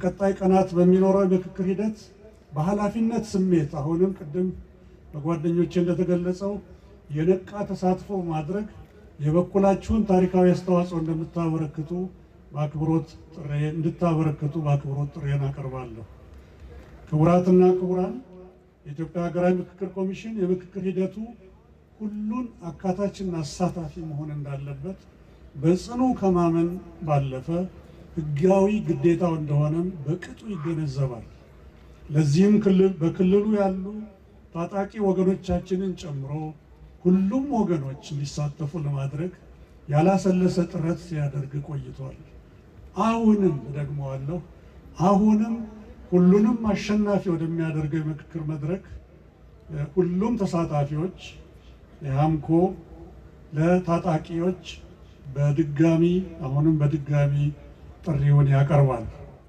በቀጣይ ቀናት በሚኖረው የምክክር ሂደት በኃላፊነት ስሜት አሁንም ቅድም በጓደኞቼ እንደተገለጸው የነቃ ተሳትፎ ማድረግ የበኩላችሁን ታሪካዊ አስተዋጽኦ እንደምታበረክቱ በአክብሮት ጥሬን እንድታበረክቱ በአክብሮት ጥሬን አቀርባለሁ። ክቡራትና ክቡራን፣ የኢትዮጵያ ሀገራዊ ምክክር ኮሚሽን የምክክር ሂደቱ ሁሉን አካታችና አሳታፊ መሆን እንዳለበት በጽኑ ከማመን ባለፈ ህጋዊ ግዴታው እንደሆነም በቅጡ ይገነዘባል። ለዚህም በክልሉ ያሉ ታጣቂ ወገኖቻችንን ጨምሮ ሁሉም ወገኖች እንዲሳተፉ ለማድረግ ያላሰለሰ ጥረት ሲያደርግ ቆይቷል። አሁንም እደግመዋለሁ፣ አሁንም ሁሉንም አሸናፊ ወደሚያደርገው የምክክር መድረክ ሁሉም ተሳታፊዎች የአምኮ ለታጣቂዎች በድጋሚ አሁንም በድጋሚ ጥሪውን ያቀርባል።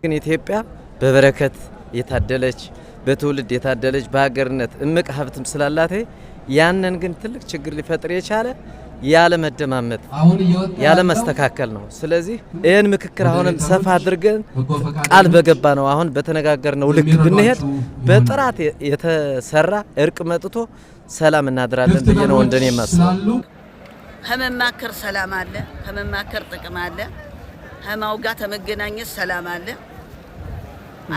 ግን ኢትዮጵያ በበረከት የታደለች በትውልድ የታደለች በሀገርነት እምቅ ሀብትም ስላላት ያንን ግን ትልቅ ችግር ሊፈጥር የቻለ ያለ መደማመጥ ያለ መስተካከል ነው። ስለዚህ ይህን ምክክር አሁንም ሰፋ አድርገን ቃል በገባ ነው አሁን በተነጋገርነው ልክ ብንሄድ በጥራት የተሰራ እርቅ መጥቶ ሰላም እናድራለን ብዬ ነው እንደኔ የማስበው። ከመማከር ሰላም አለ፣ ከመማከር ጥቅም አለ። ህማው ጋር ተመገናኘት ሰላም አለ።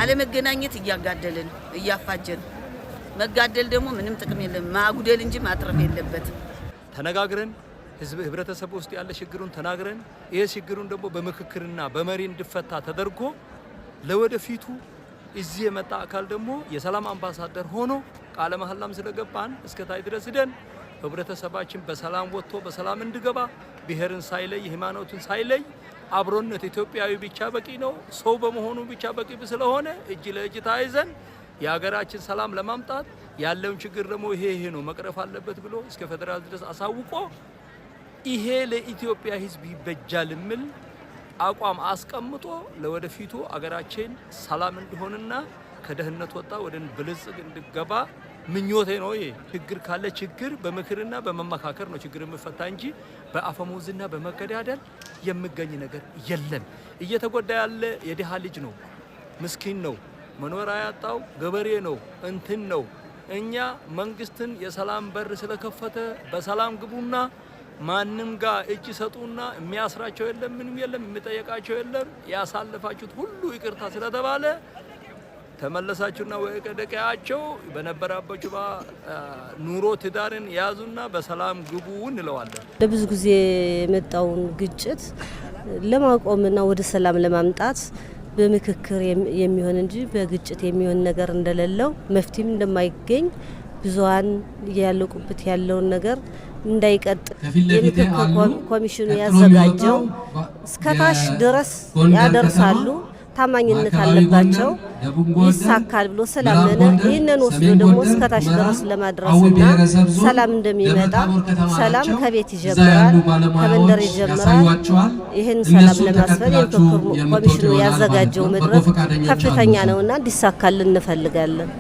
አለመገናኘት እያጋደለ ነው፣ መጋደል ደግሞ ምንም ጥቅም የለም። ማጉደል እንጂ ማጥረፍ የለበትም። ተነጋግረን ህዝብ ህብረተሰብ ውስጥ ያለ ችግሩን ተናግረን ይሄ ችግሩን ደግሞ በምክክርና በመሪ እንዲፈታ ተደርጎ ለወደፊቱ እዚህ የመጣ አካል ደግሞ የሰላም አምባሳደር ሆኖ ቃለ መሐላም ስለገባን እስከ ታይ ድረስ ደን ህብረተሰባችን በሰላም ወጥቶ በሰላም እንዲገባ ብሔርን ሳይለይ ሃይማኖትን ሳይለይ አብሮነት ኢትዮጵያዊ ብቻ በቂ ነው፣ ሰው በመሆኑ ብቻ በቂ ስለሆነ እጅ ለእጅ ተያይዘን የሀገራችን ሰላም ለማምጣት ያለውን ችግር ደግሞ ይሄ ይሄ ነው መቅረፍ አለበት ብሎ እስከ ፌዴራል ድረስ አሳውቆ ይሄ ለኢትዮጵያ ሕዝብ ይበጃል የሚል አቋም አስቀምጦ ለወደፊቱ አገራችን ሰላም እንዲሆንና ከደህንነት ወጣ ወደ ብልጽግ እንድገባ ምኞቴ ነው። ይሄ ችግር ካለ ችግር በምክርና በመመካከር ነው ችግር የምፈታ እንጂ በአፈሙዝና በመገዳደል የምገኝ ነገር የለም። እየተጎዳ ያለ የድሃ ልጅ ነው፣ ምስኪን ነው፣ መኖሪያ ያጣው ገበሬ ነው፣ እንትን ነው። እኛ መንግስትን የሰላም በር ስለከፈተ በሰላም ግቡና ማንም ጋር እጅ ሰጡና የሚያስራቸው የለም፣ ምንም የለም፣ የሚጠየቃቸው የለም። ያሳለፋችሁት ሁሉ ይቅርታ ስለተባለ ተመለሳችሁና ወደ ቀያቸው በነበራባችሁ ኑሮ ትዳርን ያዙና በሰላም ግቡ እንለዋለን። ለብዙ ጊዜ የመጣውን ግጭት ለማቆምና ወደ ሰላም ለማምጣት በምክክር የሚሆን እንጂ በግጭት የሚሆን ነገር እንደሌለው መፍትሄም እንደማይገኝ ብዙሀን እያለቁበት ያለውን ነገር እንዳይቀጥ የምክክር ኮሚሽኑ ያዘጋጀው እስከታች ድረስ ያደርሳሉ። ታማኝነት አለባቸው ይሳካል ብሎ ስላመነ ይህንን ወስዶ ደግሞ እስከታች ድረስ ለማድረስና ሰላም እንደሚመጣ ሰላም ከቤት ይጀምራል፣ ከመንደር ይጀምራል። ይህን ሰላም ለማስፈን የምክክር ኮሚሽኑ ያዘጋጀው መድረክ ከፍተኛ ነውና እንዲሳካልን እንፈልጋለን።